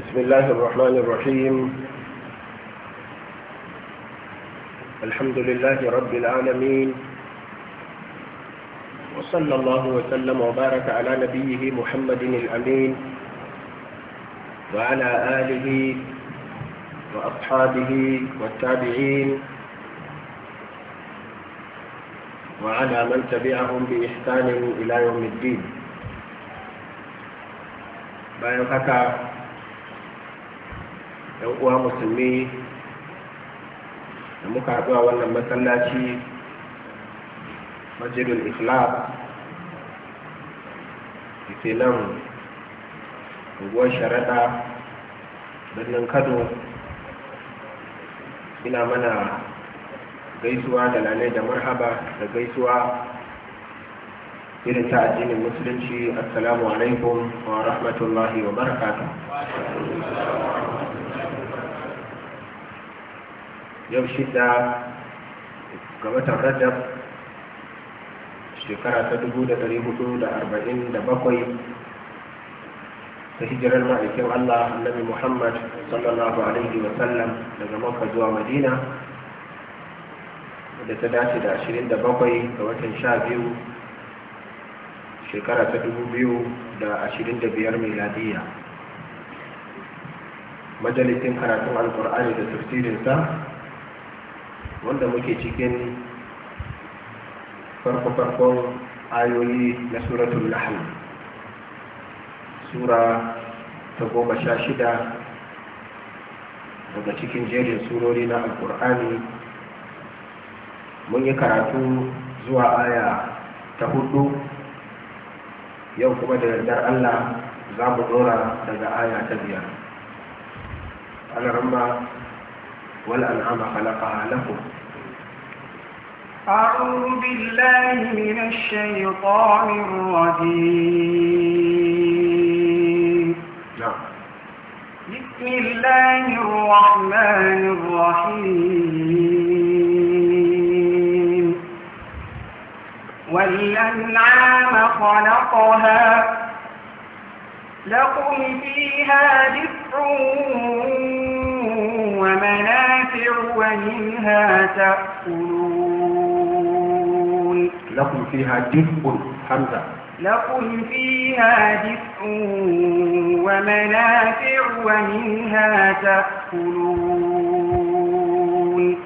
بسم الله الرحمن الرحيم الحمد لله رب العالمين وصلى الله وسلم وبارك على نبيه محمد الأمين وعلى آله وأصحابه والتابعين وعلى من تبعهم بإحسان إلى يوم الدين بايعك yan uwa musulmi da muka haɗu a wannan masallaci masjidul ikhlas da ke nan unguwar sharaɗa birnin kano ina mana gaisuwa da lalai da marhaba da gaisuwa irin ta addinin musulunci assalamu alaikum wa rahmatullahi wa barakatuh yau shida ga watan rajab shekara ta dubu da da da hudu arba'in bakwai ta hijirar ma'aikin Allah annabi Muhammad sallallahu alaihi wa sallam daga Makka zuwa Madina da ta dace da ashirin da bakwai ga watan sha biyu shekara ta dubu biyu da ashirin da 2025 miladiya majalisin karatun alkur'ani da tafsirinsa wanda muke cikin farko-farkon ayoyi na suratun Lahadi, sura ta goma sha shida daga cikin jerin surori na alkur'ani mun yi karatu zuwa aya ta hudu yau kuma da yardar allah za mu dora daga aya ta biyar alarma والأنعام خلقها لكم أعوذ بالله من الشيطان الرجيم نعم بسم الله الرحمن الرحيم والأنعام خلقها لكم فيها دفع ومنافع ومنها تأكلون لكم فيها دفء حمزة لكم فيها دفء ومنافع ومنها تأكلون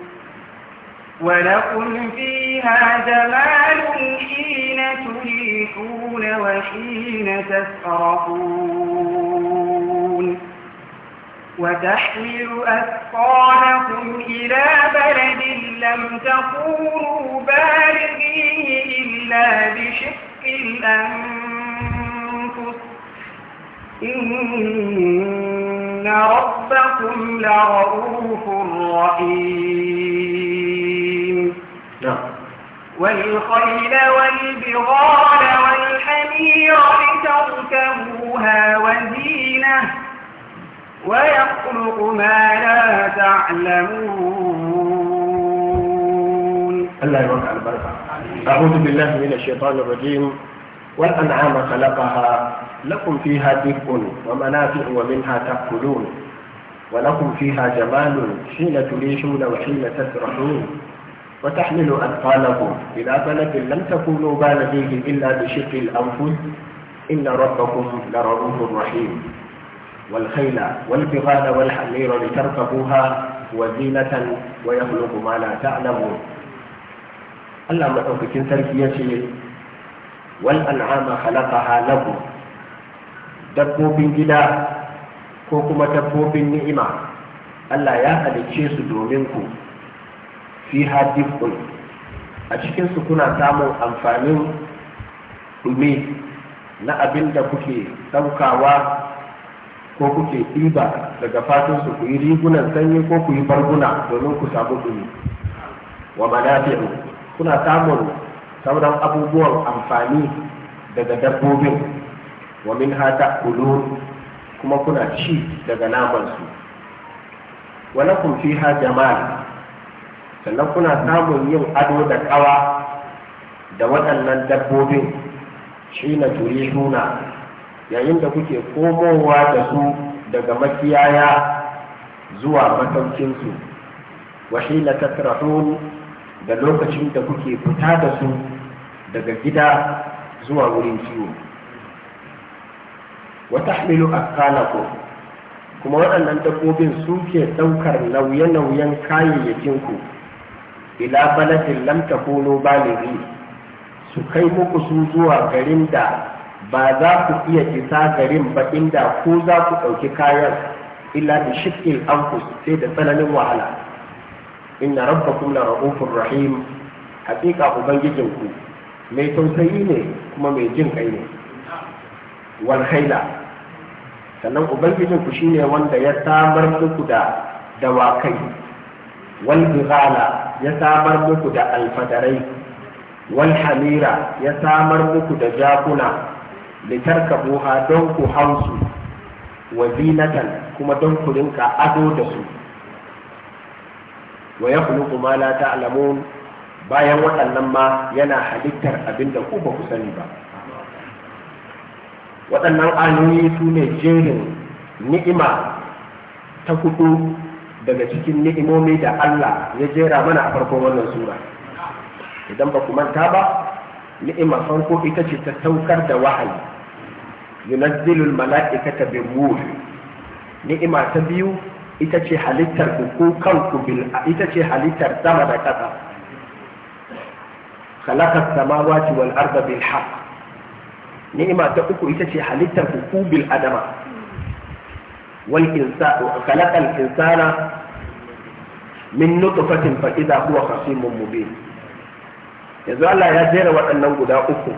ولكم فيها جمال حين تريحون وحين تسرحون وتحمل أثقالكم إلى بلد لم تكونوا بالغيه إلا بشق الأنفس إن ربكم لرؤوف رحيم نعم. والخيل والبيت يخلق ما لا تعلمون الله على البركة أعوذ بالله من الشيطان الرجيم والأنعام خلقها لكم فيها دفء ومنافع ومنها تأكلون ولكم فيها جمال حين تريحون وحين تسرحون وتحمل أثقالكم إلى بلد لم تكونوا بالغيه إلا بشق الأنفس إن ربكم لرؤوف رحيم والخيل والبغال والحمير لتركبوها وزينة ويخلق ما لا تعلمون الله مدوكين سركي يشي والأنعام خلقها لكم dabbobin gida ko kuma dabbobin ni'ima Allah ya halicce su domin ku fi hadifun a cikinsu kuna samun amfanin dumi na abin da kuke ɗaukawa ko kuke ɗiba daga fatan su ku yi rigunan sanyi ko ku yi barguna domin ku samu ɗumi wa manafi'u kuna samun sauran abubuwan amfani daga dabbobin wa min hata kulu kuma kuna ci daga naman su wa fi fiha jamal sannan kuna samun yin ado da kawa da waɗannan dabbobin shi na turihuna yayin da kuke komowa da su daga makiyaya zuwa mataukinsu wahila tatrahun da lokacin da kuke fita da su daga gida zuwa wurin ciwo wata hamilu akalako kuma waɗannan dabbobin suke ɗaukar nauye-nauyen kayayyakinku ila balatin lam takunu balighi su kai muku su zuwa garin da ba za ku iya isa garin ba inda ko za ku ɗauki kayan illa da shikin anku sai da tsananin wahala inna rabbakum la ra'ufur rahim haƙiƙa ku mai tausayi ne kuma mai jin kai ne wal sannan shi shine wanda ya samar muku da dawakai wal ya samar muku da alfadarai Walhamira ya samar muku da jakuna buha don ku hausu wa zinatan kuma don ku rinka ado da su wa ya kuluku kuma la ta'lamun bayan waɗannan ma yana halittar abin da ku ba ku sani ba waɗannan ayoyi su ne jerin ni'ima ta kudu daga cikin ni'imomi da Allah ya jera mana a farkon wannan sura idan ba ku manta ba ni'ima farko ita ce ta saukar da wahayi yunazzilul mala'ikata bin ruh ni'ima ta biyu ita ce halittar ku ko kanku bil ita ce halittar sama da ƙasa khalaqa samawati wal arda bil haqq ni'ima ta uku ita ce halittar ku ku bil adama wal insanu khalaqa al insana min nutfatin fa idha huwa khasimun mubin yanzu Allah ya jera waɗannan guda uku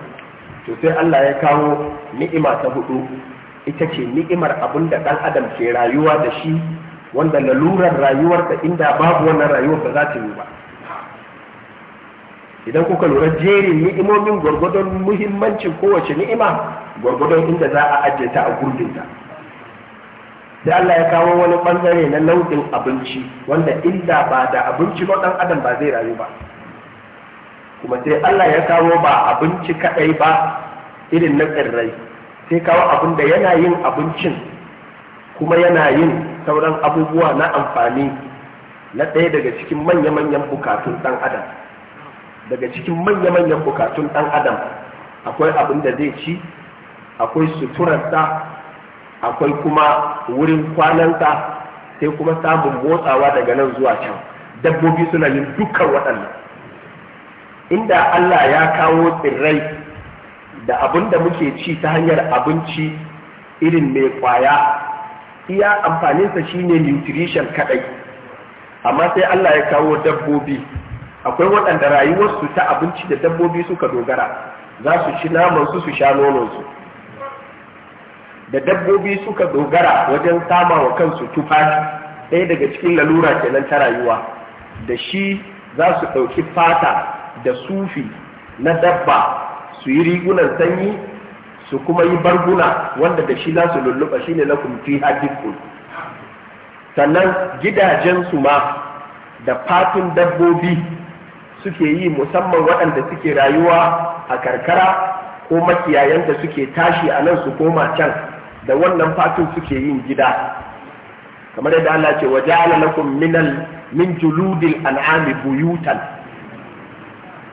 to sai Allah ya kawo ni'ima ta hudu ita ce ni'imar abin da ɗan adam ke rayuwa da shi wanda lalurar rayuwar da inda babu wannan rayuwar ba za ta yi ba idan kuka lura jerin ni'imomin gwargwadon muhimmancin kowace ni'ima gwargwadon inda za a ajiye ta a gurbinta sai Allah ya kawo wani bangare na nau'in abinci wanda inda ba da abinci ba dan adam ba zai rayu ba kuma sai Allah ya kawo ba abinci kadai ba irin na tsirrai sai kawo abin da yana yin abincin kuma yana yin sauran abubuwa na amfani na ɗaya daga cikin manya-manyan bukatun ɗan adam daga cikin manya-manyan bukatun ɗan adam akwai abin da zai ci akwai suturarsa akwai kuma wurin kwanansa sai kuma samun motsawa daga nan zuwa can dabbobi suna yin dukkan waɗannan inda Allah ya kawo tsirrai da abin da muke ci ta hanyar abinci irin mai kwaya iya amfaninsa shine nutrition kadai amma sai Allah ya kawo dabbobi akwai waɗanda rayuwarsu ta abinci da dabbobi suka dogara za su ci namansu su sha nononsu da dabbobi suka dogara wajen sama wa kansu tufafi ɗaya daga cikin lalura kenan ta rayuwa da shi za su ɗauki fata da sufi na dabba su yi rigunan sanyi su kuma yi barguna wanda da shi za su lulluɓa shine lakum fi hadithun sannan gidajensu ma da fatun dabbobi suke yi musamman waɗanda suke rayuwa a karkara ko makiyayan da suke tashi a nan su koma can da wannan fatun suke yin gida kamar yadda Allah ce waje lakum minal min juludil an'ami buyutan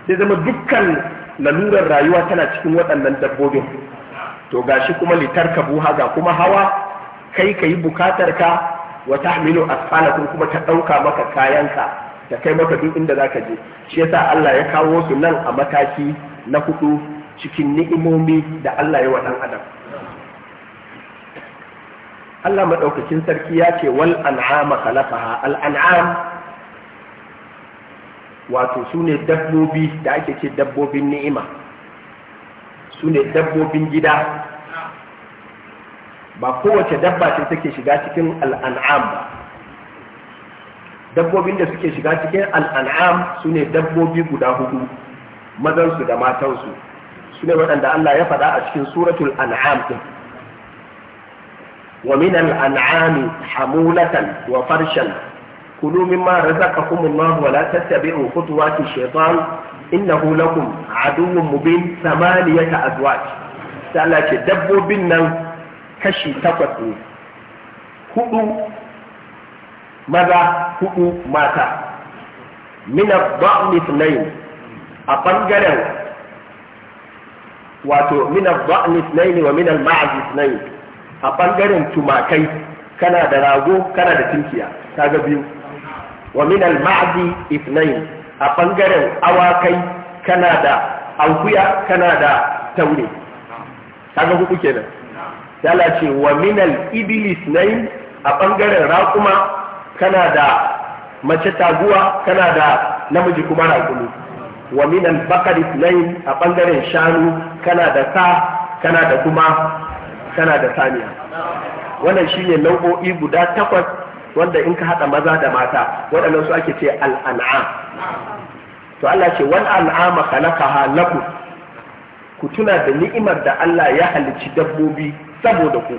sai zama dukkan lalurar rayuwa tana cikin waɗannan dabbobin to gashi kuma litar ka buha ga kuma hawa kai ka yi bukatar ka wa tahmilu asfalakum kuma ta ɗauka maka kayanka ta kai maka duk inda za ka je shi yasa Allah ya kawo su nan a mataki na hudu cikin ni'imomi da Allah ya wa ɗan adam Allah maɗaukakin sarki ya ce wal an'ama khalaqaha al an'am wato su ne dabbobi da ake ce dabbobin ni'ima su ne dabbobin gida ba kowace dabba ce take shiga cikin al'an'am ba dabbobin da suke shiga cikin al'an'am su ne dabbobi guda hudu mazansu da matansu su ne waɗanda Allah ya faɗa a cikin suratul an'am ɗin wa min al'an'ami hamulatan wa farshan كلوا مما رزقكم الله ولا تتبعوا خطوات الشيطان إنه لكم عدو مبين ثمانية أزواج سألك دبوا بنا كشي تفتني هدو ماذا هدو ماتا من الضأن اثنين أطنقروا واتو من الضأن اثنين ومن المعز اثنين أطنقروا تماكي كان دراغو كان دتنكيا كذا بيو wa min al-ma'di ithnain a bangaren awakai kana da akuya kana da taure kaga hudu kenan yala ce wa min al-ibli ithnain a bangaren raƙuma kana da mace taguwa kana da namiji kuma raƙumi wa min al-baqar ithnain a bangaren shanu kana da sa kana da kuma kana da saniya wannan shine nau'o'i guda takwas wanda in ka haɗa maza da mata waɗannan su ake ce al'an'a, to Allah ce wal al'ama khalaqaha lakum ku tuna da ni'imar da Allah ya halicci dabbobi saboda ku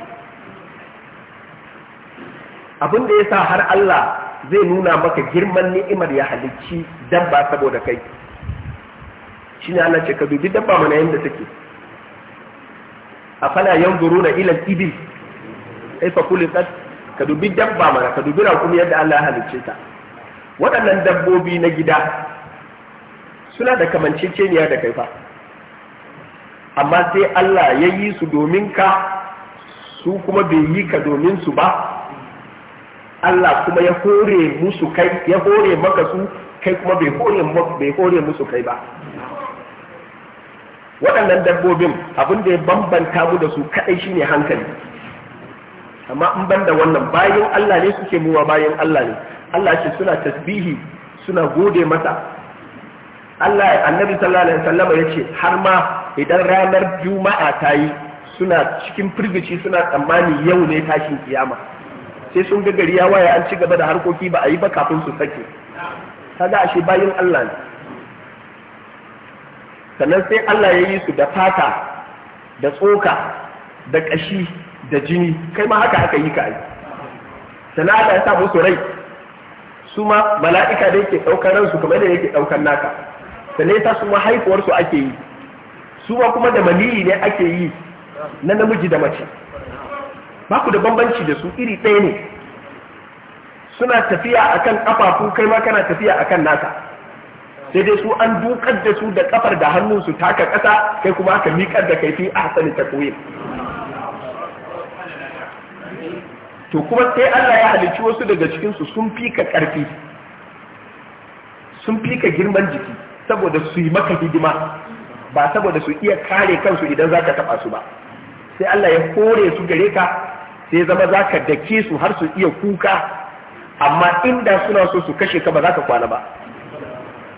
abin da ya sa har Allah zai nuna maka girman ni'imar ya halicci dabba saboda kai shi ne Allah ce ka dubi dabba mana yanda take afala yanzuruna ila al-ibil fa khuliqat ka dubi dabba mana ka dubi rakumi yadda Allah ya halicce ta waɗannan dabbobi na gida suna da kamanceceniya da kai fa, amma sai Allah ya yi su domin ka su kuma bai yi ka domin su ba Allah kuma ya hore musu kai ya hore maka su kai kuma bai hore bai hore musu kai ba waɗannan dabbobin abin da ya bambanta mu da su kaɗai shine hankali amma in banda wannan bayan Allah ne suke muwa bayan Allah ne Allah ce suna tasbihi suna gode masa Allah annabi sallallahu alaihi wasallam ce har ma idan ranar juma'a ta yi suna cikin firgici suna tsammani yau ne tashin kiyama sai sun ga gari ya waya an ci gaba da harkoki ba a yi ba kafin su sake kaga ashe bayan Allah ne sannan sai Allah ya yi su da fata da tsoka da ƙashi da jini kai ma haka aka yi ka ai sannan Allah ya sa musu rai su ma mala'ika da yake daukar ransu kamar da yake daukar naka sannan ta su ma haifuwar su ake yi su ma kuma da maliyi ne ake yi na namiji da mace ba ku da bambanci da su iri ɗaya ne suna tafiya akan kafafu kai ma kana tafiya akan naka sai dai su an dukar da su da kafar da hannun su taka ƙasa kai kuma ka miƙar da kaifi a hasali takwim to kuma sai Allah ya halicci wasu daga cikinsu sun fi ka ƙarfi sun fi ka girman jiki saboda su yi maka hidima ba saboda su iya kare kansu idan za ka taɓa su ba sai Allah ya kore su gare ka sai zama za ka dake su har su iya kuka amma inda suna so su kashe ka ba za ka kwana ba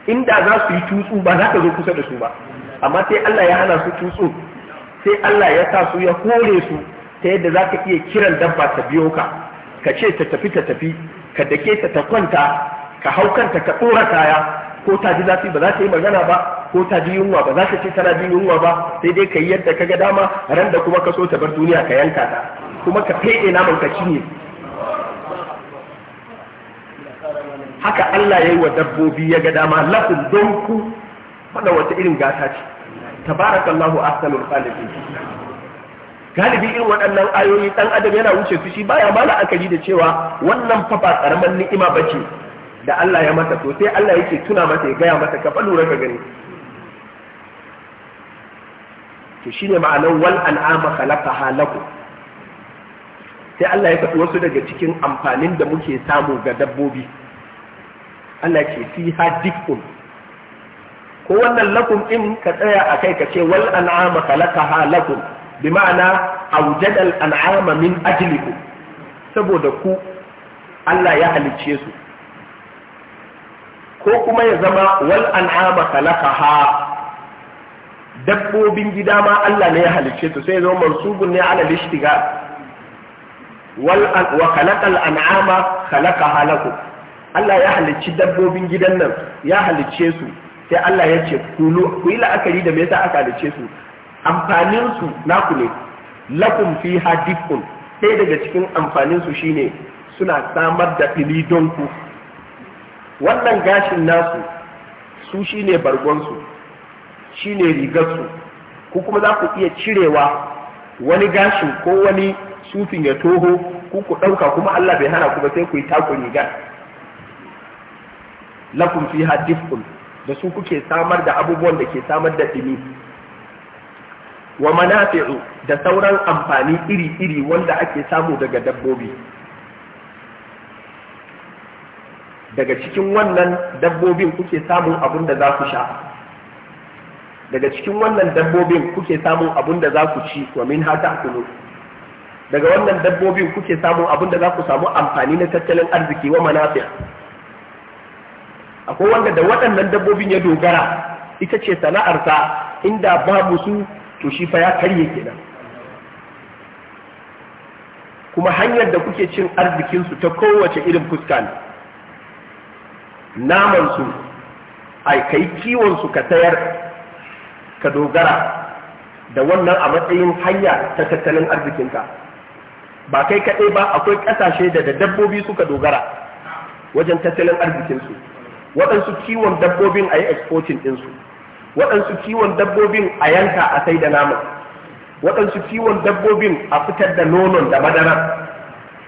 inda za su yi tutsu ba za ka zo kusa da su ba amma sai Allah ya hana su tutsu sai Allah ya sa su ya hore su ta yadda za ka iya kiran dabba ta biyo ka ka ce ta tafi ta tafi ka dake ta ta kwanta ka hau kanta ka tsora kaya ko ta ji zafi ba za ta yi magana ba ko ta ji yunwa ba za ta ce tana jin yunwa ba sai dai ka yi yadda ka ga dama ran da kuma ka so ta bar duniya ka yanka ta kuma ka fede naman ka cinye haka Allah ya yi wa dabbobi ya ga dama lafin don ku faɗa wata irin gata ce tabarakallahu ahsanul khaliqin galibi irin waɗannan ayoyi ɗan adam yana wuce su shi baya ma la'akari da cewa wannan fafa ba ni'ima ni'ima bace da Allah ya mata to sai Allah yake tuna mata ya gaya mata ka fa lura ka gani to shine ma'anar wal an'ama khalaqaha lakum sai Allah ya faɗi wasu daga cikin amfanin da muke samu ga dabbobi Allah ke fi hadikun ko wannan lakum in ka tsaya a kai ka ce wal an'ama khalaqaha lakum bi ma'ana aujadal al'ama min ajliku saboda ku Allah ya halicce su ko kuma ya zama wal an'ama khalaqaha dabbobin gida ma Allah ne ya halicce su sai zama mansubun ne ala lishtiga wal wa khalaqal an'ama khalaqaha lakum Allah ya halicci dabbobin gidan nan ya halicce su sai Allah ya ce kulu ku yi la'akari da me yasa aka halicce su amfaninsu naku ne lakum fi hadifun sai daga cikin amfaninsu shine suna samar da fili don ku wannan gashin nasu su shine bargonsu shine rigarsu ku kuma za ku iya cirewa wani gashin ko wani sufin ya toho ku ku ɗauka kuma Allah bai hana ku ba sai ku yi taku rigar lakum fi hadifun da su kuke samar da abubuwan da ke samar da ɗumi wa manafi'u da sauran amfani iri-iri wanda ake samu daga dabbobi daga cikin wannan dabbobin kuke samun abun da za ku sha daga cikin wannan dabbobin kuke samun abun da za ku ci wa min hata kulu daga wannan dabbobin kuke samun abun da za ku samu amfani na tattalin arziki wa manafi akwai wanda da waɗannan dabbobin ya dogara ita ce sana'arsa inda babu su to shi fa ya karye kenan kuma hanyar da kuke cin arzikinsu ta kowace irin fuska ne namansu ai kai kiwonsu ka sayar ka dogara da wannan a matsayin hanya ta tattalin arzikinka ba kai kaɗai ba akwai ƙasashe da da dabbobi suka dogara wajen tattalin arzikinsu waɗansu kiwon dabbobin a yi exporting ɗinsu waɗansu kiwon dabbobin a yanka a sai da nama, waɗansu kiwon dabbobin a fitar da nonon da madara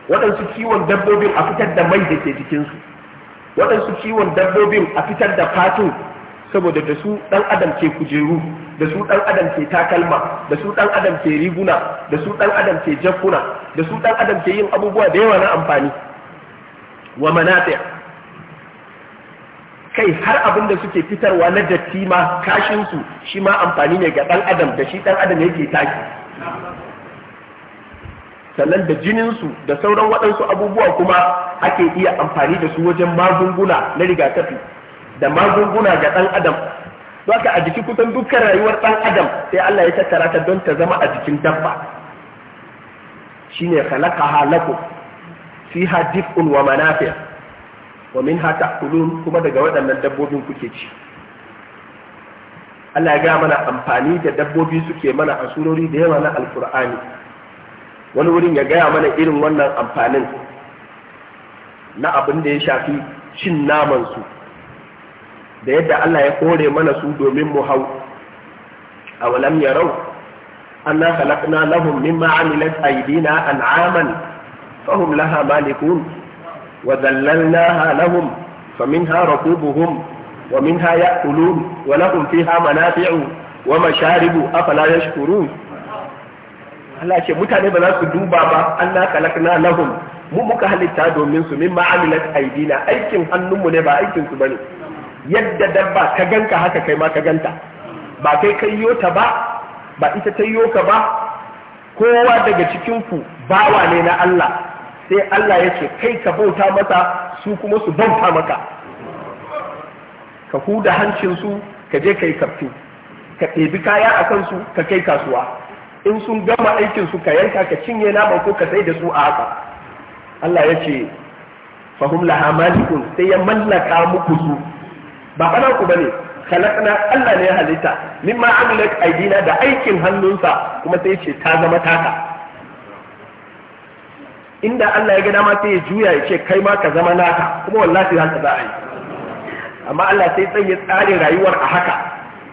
waɗansu kiwon dabbobin a fitar da mai da ke jikinsu waɗansu kiwon dabbobin a fitar da fatu saboda da su ɗan adam ke kujeru da su ɗan adam ke takalma da su ɗan adam ke riguna da su ɗan adam ke jakkuna da su ɗan adam ke yin abubuwa da yawa na amfani wa kai har abin da suke fitarwa na datti ma kashin su shi ma amfani ne ga ɗan adam da shi dan adam yake taki sannan da jinin su da sauran waɗansu abubuwa kuma ake iya amfani da su wajen magunguna na rigakafi da magunguna ga ɗan adam haka a jiki kusan dukkan rayuwar ɗan adam sai Allah ya tattara ta don ta zama a jikin dabba shine khalaqaha lakum fiha dif'un wa manafi' wa min ha kuma daga waɗannan dabbobin kuke ci Allah ya ga mana amfani da dabbobi suke mana a surori da yawa na alkur'ani wani wurin ya gaya mana irin wannan amfanin na abin da ya shafi cin namansu da yadda Allah ya kore mana su domin mu hau a walam ya rau anna khalaqna lahum mimma amilat aydina an'aman fahum laha malikun وذللناها لهم فمنها ركوبهم ومنها يأكلون ولهم فيها منافع ومشارب أفلا يشكرون Allah ce mutane ba za su duba ba Allah kalakna lahum mu muka halitta domin su min ma'amilat aidina aikin hannunmu ne ba aikin su bane yadda dabba ka ganka haka kai ma ka ganta ba kai kai yota ba ba ita ta yoka ba kowa daga cikin ku bawa ne na Allah sai Allah ya ce kai ka bauta mata su kuma su bauta maka ka huda hancinsu ka je ka yi kaftu ka ɗebi kaya a kansu ka kai kasuwa in sun gama aikinsu ka yanka ka cinye naman ko ka sai da su a haka Allah ya ce fahim laha sai ya mallaka muku su ba kana ku bane khalaqna Allah ne ya halitta mimma amilat aidina da aikin hannunsa kuma sai ce ta zama taka inda Allah ya ga dama sai ya juya ya ce kai ma ka zama naka kuma wallahi haka za a yi amma Allah sai sanya tsarin rayuwar a haka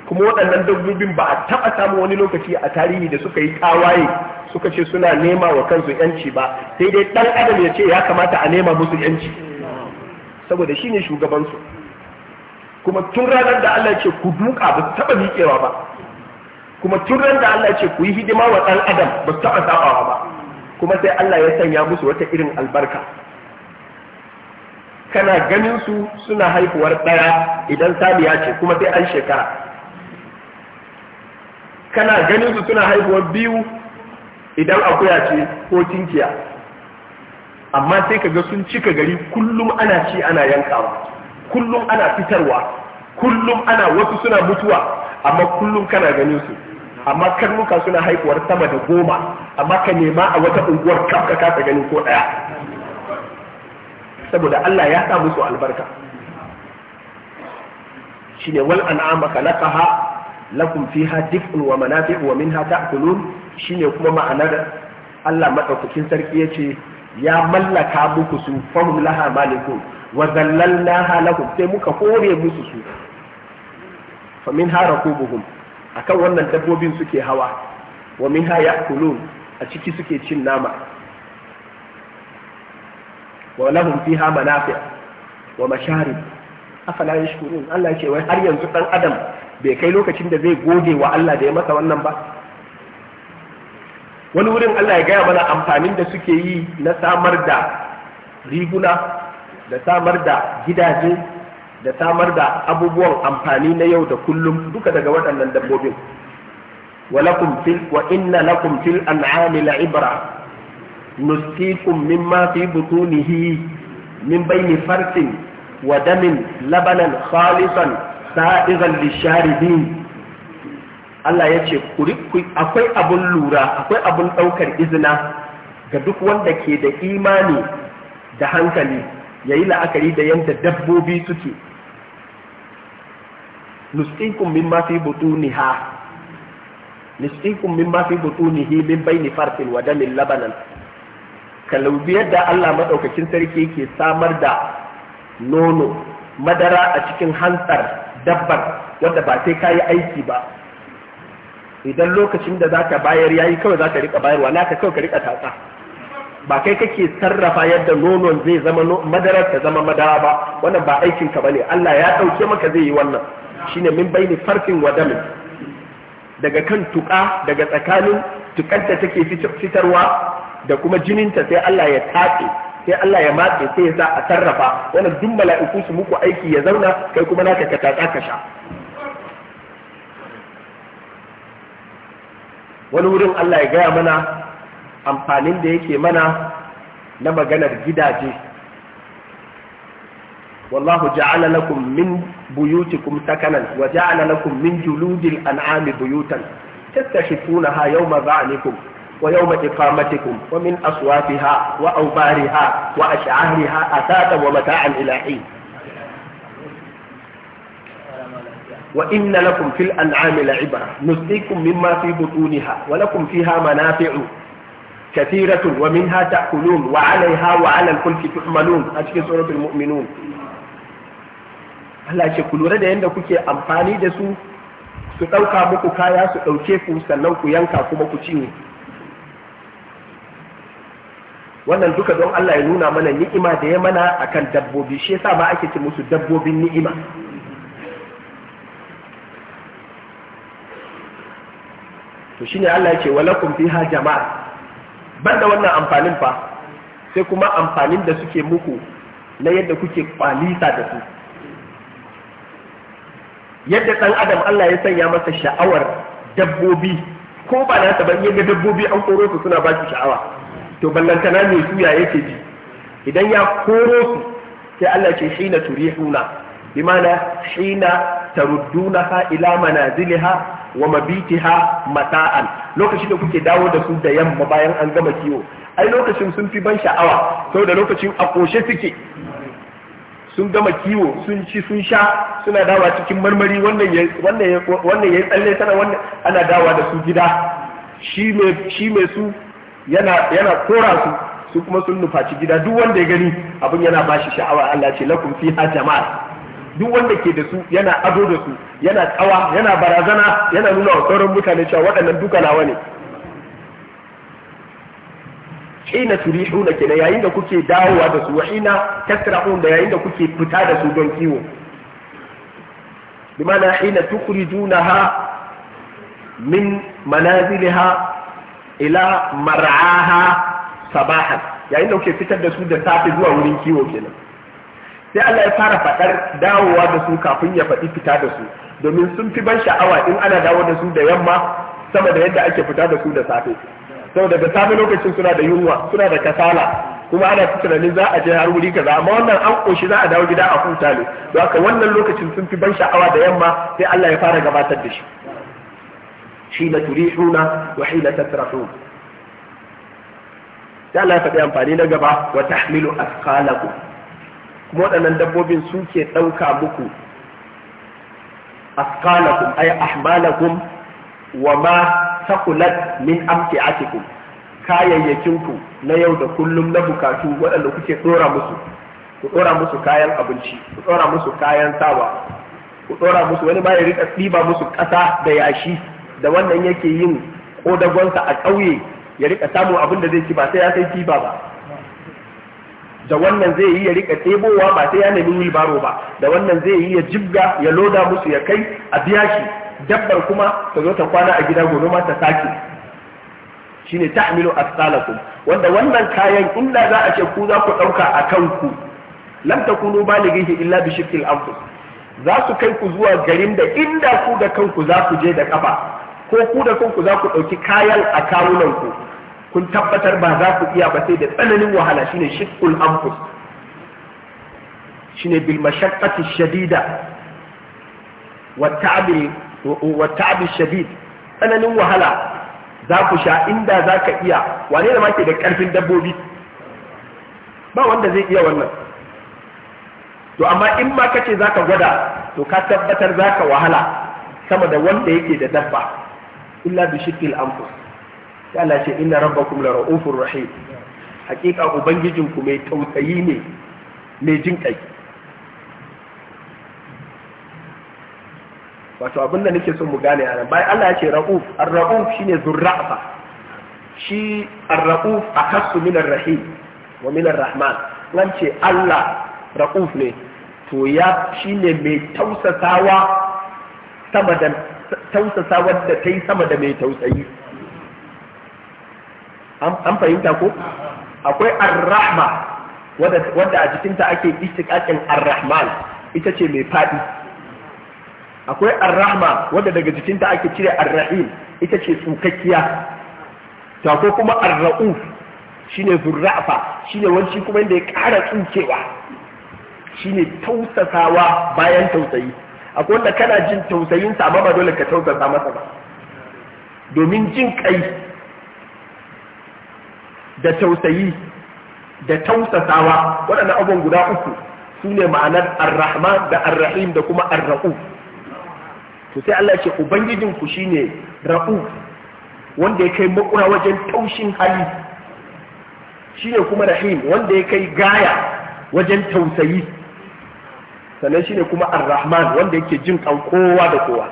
kuma waɗannan dabbobin ba a taɓa samun wani lokaci a tarihi da suka yi kawaye suka ce suna nema wa kansu yanci ba sai dai ɗan adam ya ce ya kamata a nema musu yanci saboda shi ne shugabansu kuma tun ranar da Allah ce ku duka ba su taɓa miƙewa ba kuma tun ranar da Allah ce ku yi hidima wa ɗan adam ba su taɓa zaɓawa ba kuma sai Allah ya sanya musu wata irin albarka kana ganin su suna haihuwar ɗaya idan saniya ce kuma sai an shekara kana ganin su suna haihuwar biyu idan akuya ce ko tinkiya amma sai ka ga sun cika gari kullum ana ci ana yankawa kullum ana fitarwa kullum ana wasu suna mutuwa amma kullum kana ganin su amma karnuka suna haihuwar sama da goma amma ka nema a wata unguwar kaf ka kasa gani ko ɗaya saboda Allah ya sa musu albarka shine wal an'ama khalaqaha lakum fiha dif'un wa manafi'u wa minha ta'kulun shine kuma ma'anar Allah madaukakin sarki ya ce ya mallaka muku su fahum laha malikun wa zallalnaha lakum sai muka kore musu su fa ko buhun. akan wannan dabbobin suke hawa wa ha ya'kulun a ciki suke cin nama wa lahum fiha manafi' wa masharib afala yashkurun Allah ya ce wai har yanzu dan adam bai kai lokacin da zai goge wa Allah da ya masa wannan ba wani wurin Allah ya gaya mana amfanin da suke yi na samar da riguna da samar da gidaje da samar da abubuwan amfani na yau da kullum duka daga waɗannan dabbobin wa lakum fil wa inna lakum fil an'ami la'ibra nusqikum mimma fi butunihi min bayni farsin wa damin labanan khalisan sa'igan lisharibin Allah yace ce akwai abun lura akwai abun ɗaukar izina ga duk wanda ke da imani da hankali ya yi la'akari da yadda dabbobi suke nusqikum mimma fi butuniha nusqikum mimma fi butunihi min baini farfin wa damin labanan kalaubi yadda Allah madaukakin sarki yake samar da nono madara a cikin hantsar dabbar wanda ba sai kayi aiki ba idan lokacin da zaka bayar yayi kawai zaka rika bayarwa naka kawai ka rika tatsa ba kai kake sarrafa yadda nonon zai zama madarar ta zama madara ba wannan ba aikinka ka bane Allah ya dauke maka zai yi wannan shine min ni farfin wa damin daga kan tuƙa daga tsakanin tukanta take fitarwa da kuma jininta sai Allah ya tatse sai Allah ya matse sai ya sa a sarrafa wannan duk mala'iku su muku aiki ya zauna kai kuma naka ka tatsa ka sha wani wurin Allah ya gaya mana amfanin da yake mana na maganar gidaje والله جعل لكم من بيوتكم سكنا وجعل لكم من جلود الأنعام بيوتا تستشفونها يوم ظعنكم ويوم إقامتكم ومن أصواتها وأوبارها وأشعارها أثاثا ومتاعا إلى حين وإن لكم في الأنعام لعبرة نسقيكم مما في بطونها ولكم فيها منافع كثيرة ومنها تأكلون وعليها وعلى الفلك تحملون أشكي سورة المؤمنون Allah ce ku lura da yadda kuke amfani da su su ɗauka muku kaya su ɗauke ku sannan ku yanka kuma ku ciwo wannan duka don Allah ya nuna mana ni'ima da ya mana akan dabbobi shi yasa ba ake ce musu dabbobin ni'ima to shine Allah ya ce walakum fiha jama'a da wannan amfanin fa sai kuma amfanin da suke muku na yadda kuke kwalisa da su yadda ɗan adam Allah ya sanya masa sha'awar dabbobi ko ba nasa ba yadda dabbobi an koro su suna ba shi sha'awa to ballantana mai suya yake ji idan ya koro su sai Allah ce na turi hina na bimana hina ha ila manaziliha wa mabitiha mata'an lokacin da kuke dawo da su da yamma bayan an gama kiwo ai lokacin sun fi ban sha'awa Sau da lokacin a koshe suke sun gama kiwo sun ci sun sha suna dawa cikin marmari wannan ya yi tsalle sana wannan ana dawa da su gida shi mai su yana kora su su kuma sun nufaci gida duk wanda ya gani abin yana ba shi sha'awa Allah ce lakum a jama'a duk wanda ke da su yana ado da su yana tsawa yana barazana yana nuna wa sauran mutane cewa waɗannan duka nawa ne hina turihuna kenan yayin da kuke dawowa da su wa hina tasrahun da yayin da kuke fita da su don kiwo bimana hina tukhrijunaha min manaziliha ila mar'aha sabahan yayin da kuke fitar da su da safe zuwa wurin kiwo kenan sai Allah ya fara fadar dawowa da su kafin ya faɗi fita da su domin sun fi ban sha'awa in ana dawo da su da yamma sama da yadda ake fita da su da safe saboda da safe lokacin suna da yunwa suna da kasala kuma ana tunanin za a je har wuri kaza amma wannan an koshi za a dawo gida a huta ne don haka wannan lokacin sun fi ban sha'awa da yamma sai Allah ya fara gabatar da shi hina turihuna wa hina tasrahun sai Allah ya faɗi amfani na gaba wa tahmilu asqalakum kuma waɗannan dabbobin suke ɗauka muku asqalakum ay ahmalakum wa ma saqulat min amti'atikum ku na yau da kullum na bukatu waɗanda kuke ɗora musu ku ɗora musu kayan abinci ku ɗora musu kayan sawa ku ɗora musu wani ma ya rika ɗiba musu ƙasa da yashi da wannan yake yin ƙodagonsa a ƙauye ya rika samun abin da zai ci ba sai ya sai tiba ba da wannan zai yi ya rika ɗebowa ba sai ya nemi wilbaro ba da wannan zai yi ya jibga ya loda musu ya kai a biya shi dabbar kuma ta zo ta kwana a gida gobe ma ta sake shine ta'milu asalakum wanda wannan kayan inda za a ce ku za ku dauka a kanku lam takunu balighihi illa bi shikil anfus za su kai ku zuwa garin da inda ku da kanku za ku je da kafa ko ku da kanku za ku dauki kayan a kawunan ku kun tabbatar ba za ku iya ba sai da tsananin wahala shine shikul anfus shine bil mashaqqati shadida wa ta'bil wa shadid tsananin wahala za ku sha inda za ka iya wane da make da ƙarfin dabbobi ba wanda zai iya wannan to amma in ma kace za ka gwada to ka tabbatar za ka wahala sama da wanda yake da dabba illa bi shikil anfus sai Allah ce inna rabbakum la ra'ufur rahim hakika ubangijinku mai tausayi ne mai jin wato abin da nake son mu gane a nan bayan Allah ya ce ra'uf ar-ra'uf shine zurrafa shi ar-ra'uf akasu min ar-rahim wa min ar-rahman nan ce Allah ra'uf ne to ya shine mai tausasawa sama da tausasawa da ta yi sama da mai tausayi an fahimta ko akwai ar-rahma wadda a jikinta ake istiqaqin ar-rahman ita ce mai fadi akwai arrahma wanda daga jikin ta ake cire arrahim ita ce tsukakkiya to akwai kuma arra'uf shine zurrafa shine wanci kuma inda ya ƙara tsukewa shine tausasawa bayan tausayi akwai wanda kana jin tausayin sa amma ba dole ka tausasa masa ba domin jin kai da tausayi da tausasawa waɗannan abubuwan guda uku su ne ma'anar arrahma da arrahim da kuma arra'uf to sai Allah ce ubangijin ku shine ra'u wanda ya kai makura wajen taushin hali shine kuma rahim wanda ya kai gaya wajen tausayi sannan shine kuma arrahman wanda yake jin kan kowa da kowa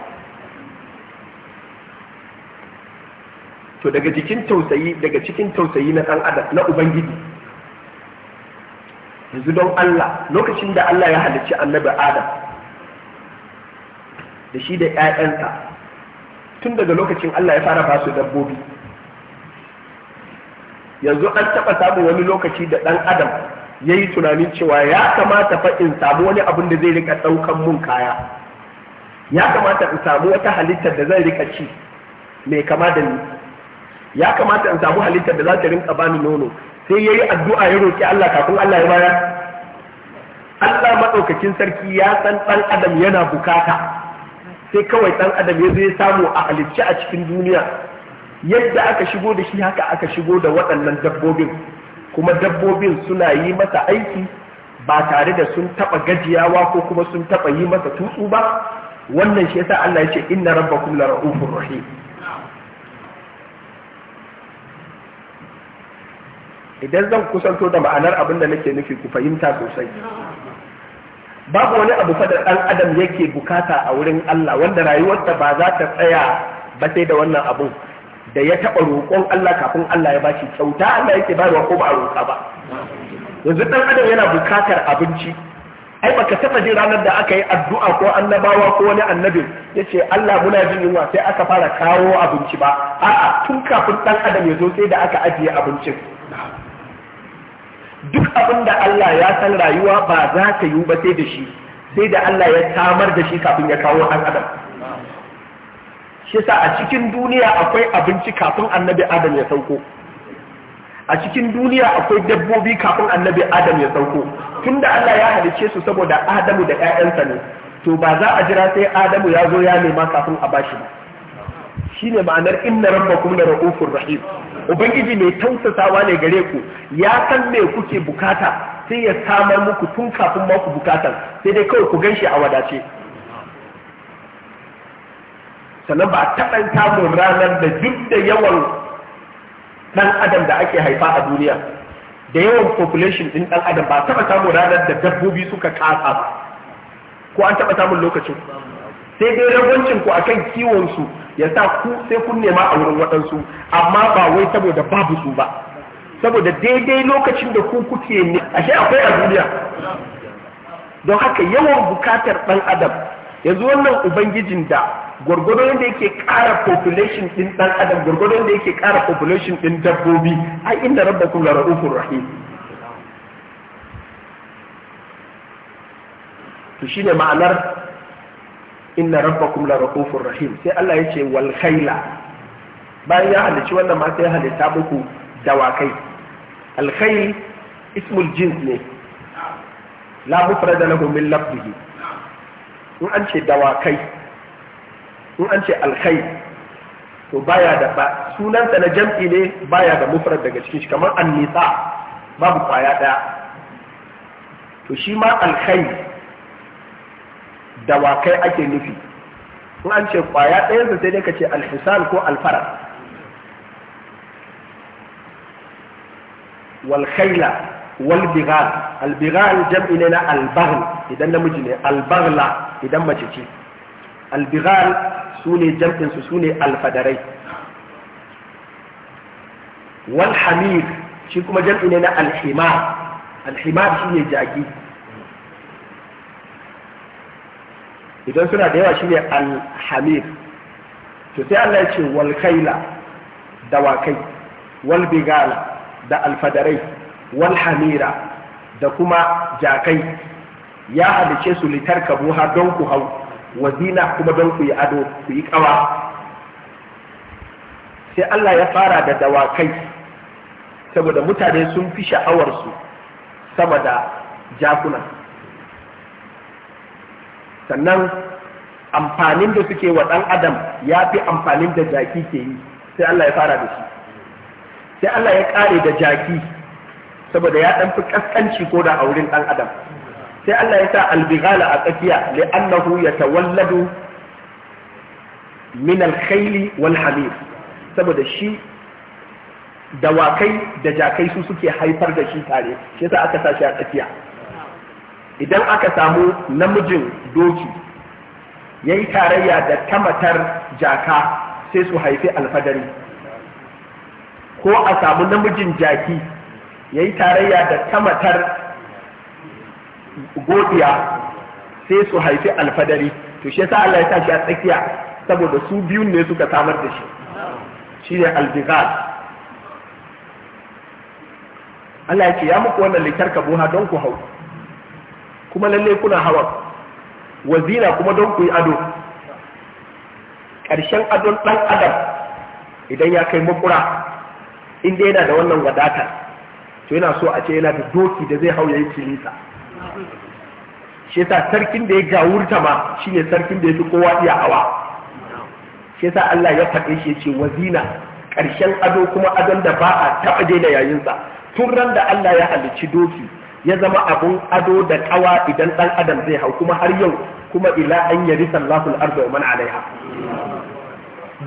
to daga cikin tausayi daga cikin tausayi na dan adam na ubangiji yanzu don Allah lokacin da Allah ya halicci annabi Adam da shi da 'ya'yansa tun daga lokacin Allah ya fara ba su dabbobi yanzu an taɓa samun wani lokaci da ɗan adam ya yi tunanin cewa ya kamata fa in samu wani abin da zai rika ɗaukan mun kaya ya kamata in samu wata halittar da zai rika ci mai kama da ni ya kamata in samu halittar da za ta rinka bani nono sai ya yi addu'a ya roƙi Allah kafin Allah ya bayar Allah maɗaukakin sarki ya san ɗan adam yana bukata sai kawai ɗan adam ya zai samu a halicci a cikin duniya yadda aka shigo da shi haka aka shigo da waɗannan dabbobin kuma dabbobin suna yi masa aiki ba tare da sun taɓa gajiyawa ko kuma sun taɓa yi masa tutsu ba wannan shi yasa Allah ya ce inna rabbakum la ra'ufur rahim idan zan kusanto da ma'anar abin da nake nufi ku fahimta sosai babu wani abu fa da ɗan adam yake bukata a wurin Allah wanda rayuwarsa ba za ta tsaya ba sai da wannan abun da ya taɓa roƙon Allah kafin Allah ya bashi kyauta Allah yake bayarwa ko ba a roƙa ba yanzu ɗan adam yana bukatar abinci ai baka taba jin ranar da aka yi addu'a ko annabawa ko wani annabi yace Allah muna jin yunwa sai aka fara kawo abinci ba a'a tun kafin ɗan adam ya zo sai da aka ajiye abincin duk abin da Allah ya san rayuwa ba za ta yiwu ba sai da shi sai da Allah ya samar da shi kafin ya kawo an adam shi sa a cikin duniya akwai abinci kafin annabi adam ya sauko a cikin duniya akwai dabbobi kafin annabi adam ya sauko Tun da Allah ya halicce su saboda adamu da 'ya'yansa ne to ba za a jira sai adamu ya zo ya nema kafin a bashi ba ne ma'anar inna kuma da ra'ufur rahim ubangiji mai tausasawa ne gare ku ya san me kuke bukata sai ya samar muku tun kafin maku bukata sai dai kawai ku gan shi a wadace sannan ba a taɓa samun ranar da duk da yawan ɗan adam da ake haifa a duniya da yawan population ɗin ɗan adam ba a taɓa samun ranar da dabbobi suka kasa ko an taɓa samun lokacin sai dai ragwancin ku akan kiwon su ya sa ku sai kun nema a wurin waɗansu amma ba wai saboda babu su ba saboda daidai lokacin da ku kuke ne ashe akwai a duniya don haka yawan bukatar ɗan adam yanzu wannan ubangijin da gwargwadon da yake ƙara population ɗin ɗan adam gwargwadon da yake ƙara population ɗin dabbobi a inda rabba kuma ra'ufin rahim to shine ma'anar inna rabbakum la rahufur rahim sai Allah ya ce wal khaila bayan ya halici wannan ma sai halitta muku dawakai al khayl ismul jins ne la mufrada lahu min lafzihi in an ce dawakai in an ce al khail to baya da ba sunansa na jam'i ne baya da mufrad daga cikin shi kamar an nisa babu kwaya daya to shi ma al khail dawakai ake nufi in an ce kwaya ɗayansa sai dai ka ce alhisan ko alfara walkhaila walbighal albighal jam'i ne na albaghal idan namiji ne albaghla idan mace ce albighal su ne jam'in su ne alfadarai walhamir shi kuma jam'i ne na alhimar alhimar shi ne jaki idan suna da yawa shi ne alhamid to sai Allah ya ce wal da dawakai wal da alfadarai wal da kuma jakai ya halice su litar buha don ku hau wazina kuma don ku yi ado ku yi kawa sai Allah ya fara da dawakai saboda mutane sun fi sha'awarsu sama da jakuna sannan amfanin da suke wa ɗan adam ya fi amfanin da jaki ke yi sai Allah ya fara da shi sai Allah ya ƙare da jaki saboda ya ɗan fi ƙasƙanci ko da a wurin ɗan adam sai Allah ya sa albighala a tsakiya ta wallado min alkhayli wal hamir saboda shi dawakai da jakai su suke haifar da shi tare shi yasa aka sa shi a tsakiya idan aka samu namijin doki ya yi tarayya da kamatar jaka sai su haifi alfadari ko a samu namijin jaki ya yi tarayya da kamatar godiya sai su haifi alfadari to shi yasa Allah ya sa shi a tsakiya saboda su biyun ne suka samar da shi shine aljigal Allah ya ce ya muku wannan likar kabuha don ku hau kuma lalle kuna hawa wazina kuma don ku yi ado ƙarshen adon ɗan adam idan ya kai makura inda yana da wannan wadatar to yana so a ce yana da doki da zai hau ya yi cinisa shi yasa sarkin da ya gawurta ma shine sarkin da ya fi kowa iya hawa shi yasa Allah ya faɗe shi ce wazina ƙarshen ado kuma adon da ba a taɓa daina yayinsa tun ran da Allah ya halicci doki ya zama abun ado da kawa idan dan adam zai hau kuma har yau kuma ila an yari sallahu al-ardu wa man alaiha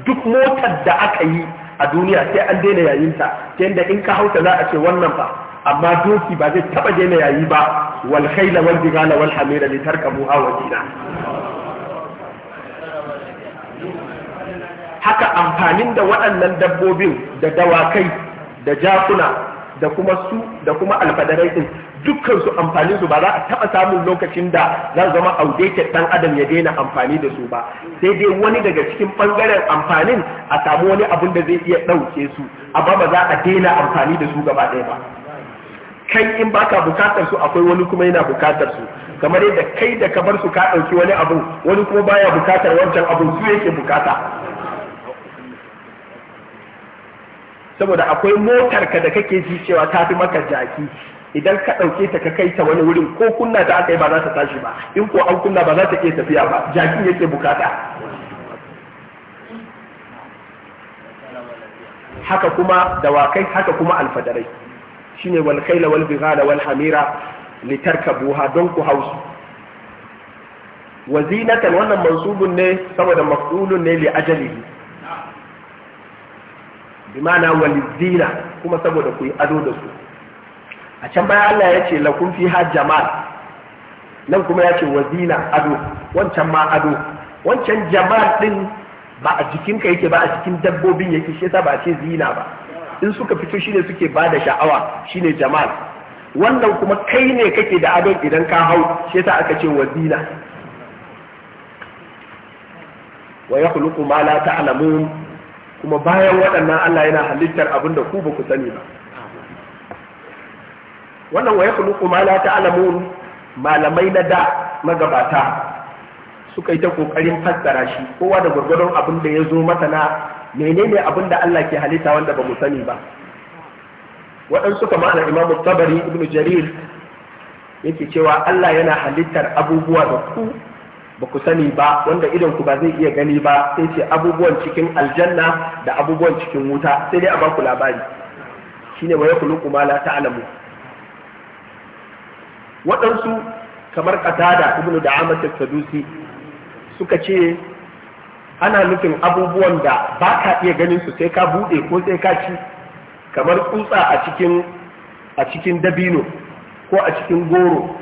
duk motar da aka yi a duniya sai an daina yayin ta ta in ka hauta za a ce wannan fa amma doki ba zai taba daina yayi ba wal khayla wal bighala wal hamira li tarkabuha wa jina. haka amfanin da waɗannan dabbobin da dawakai da jakuna da kuma su da kuma alfadarai dukkan su amfani su ba za a taba samun lokacin da za zama audeke dan adam ya daina amfani da su ba sai dai wani daga cikin bangaren amfanin a samu wani abun da zai iya ɗauke su amma ba za a daina amfani da su gaba ɗaya ba kai in baka bukatar su akwai wani kuma yana bukatar su kamar yadda kai da ka bar su ka ɗauki wani abu, wani kuma baya bukatar wancan abun su yake bukata saboda akwai motar ka da kake ji cewa ta fi maka jaki idan ka ɗauke ta ka kai ta wani wurin ko kunna ta aka yi ba za ta tashi ba in ko an kunna ba za ta iya tafiya ba jakin yake bukata haka kuma dawakai haka kuma alfadarai shine wal khayla wal bighala wal hamira don ku hausu wazinatan wannan mansubun ne saboda maf'ulun ne li ajali bi ma'ana kuma saboda ku yi ado da su a can bayan Allah ya ce fi ha, jamal nan kuma ya ce wazina ado wancan ma ado wancan jamal din ba a ka yake ba a cikin dabbobin yake shi yasa ba a ce zina ba in suka fito shine suke ba da sha'awa shine jamal wannan kuma kai ne kake da adon idan ka hau shi yasa aka ce wazina wa yakhluqu ma la ta'lamun kuma bayan waɗannan Allah yana halittar abin da ku ba ku sani ba wannan waya kulu kuma la ta'lamun malamai na da magabata suka yi ta kokarin fassara shi kowa da gurgurdon abin da ya zo masana na menene abin da Allah ke halitta wanda ba mu sani ba waɗansu kama mana imamu tabari ibn jarir yake cewa Allah yana halittar abubuwa da ku ba ku sani ba wanda idan ku ba zai iya gani ba sai ce abubuwan cikin aljanna da abubuwan cikin wuta sai dai a baku ku labari shine wa yakulu kuma la ta'lamu waɗansu kamar ƙasa da ibnu da amatar sadusi suka ce ana nufin abubuwan da ba ka iya ganin su sai ka buɗe ko sai ka ci kamar tsutsa a cikin dabino ko a cikin goro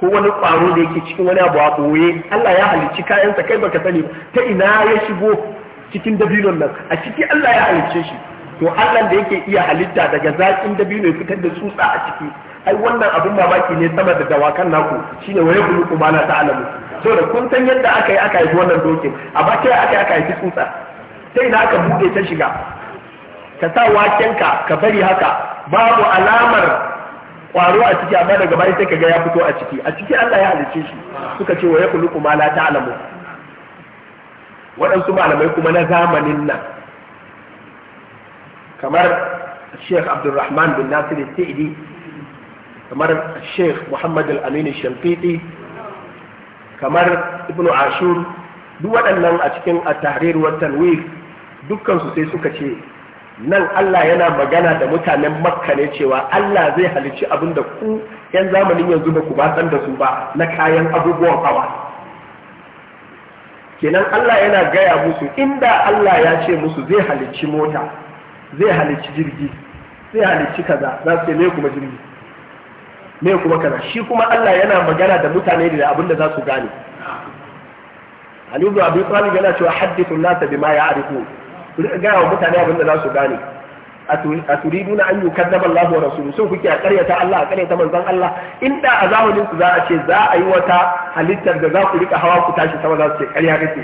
ko wani ƙwaro da yake cikin wani abu a ɓoye Allah ya halicci kayansa kai baka sani ta ina ya shigo cikin dabinon nan a ciki Allah ya halicce shi to Allah da yake iya halitta daga zaƙin dabino ya fitar da tsutsa a ciki ai wannan abin mamaki ne sama da dawakan naku shine waye kullu kuma la to da kun san yadda aka yi aka yi wannan dokin a bakin aka yi aka yi tsutsa sai da aka bude ta shiga ka sa wakenka ka bari haka babu alamar kwaro a ciki amma daga bayan sai ka ga ya fito a ciki a ciki Allah ya halice shi suka ce wa yakhluqu ma la waɗansu malamai kuma na zamanin nan kamar Sheikh Abdulrahman bin Nasir Sa'idi kamar sheikh muhammad al-amin shafiqi kamar ibnu ashur duk waɗannan a cikin a tahrir wa tanwir su sai suka ce nan Allah yana magana da mutanen makka ne cewa Allah zai halicci abin da ku yan zamanin yanzu ba ku ba san da su ba na kayan abubuwan hawa kenan Allah yana gaya musu inda Allah ya ce musu zai halicci mota zai halicci jirgi zai halicci kaza za su ne kuma jirgi me kuma kaza shi kuma Allah yana magana da mutane da abin da za su gane Ali ibn Abi Talib yana cewa hadithu an-nas bima ya'rifu ga wa mutane abin da za su gane aturiduna an yukazzaba Allah wa rasuluhu sun kuke a karyata Allah a karyata manzon Allah da a zamanin su za a ce za a yi wata halittar da za ku rika hawa ku tashi sama za su ce karya kake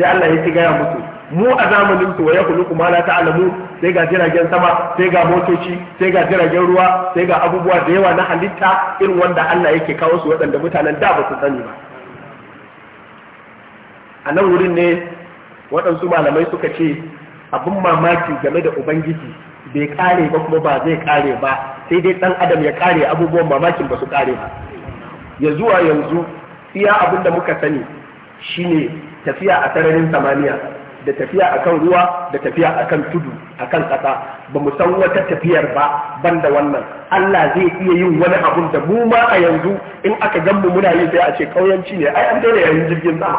sai Allah ya ci gaya musu mu a zamanin su wa yakhluqu ma la ta'lamu sai ga jiragen sama sai ga motoci sai ga jiragen ruwa sai ga abubuwa da yawa na halitta irin wanda Allah yake kawo su waɗanda mutanen da ba su sani ba a nan wurin ne waɗansu malamai suka ce abin mamaki game da ubangiji bai kare ba kuma ba zai kare ba sai dai ɗan adam ya kare abubuwan mamakin ba su kare ba ya zuwa yanzu iya abin da muka sani shine tafiya a sararin samaniya da tafiya akan ruwa da tafiya akan tudu akan ƙasa ba mu san wata tafiyar ba banda wannan Allah zai iya yin wani abun da mu ma a yanzu in aka gan mu muna yi sai a ce kauyanci ne ai an daina yayin jirgin sama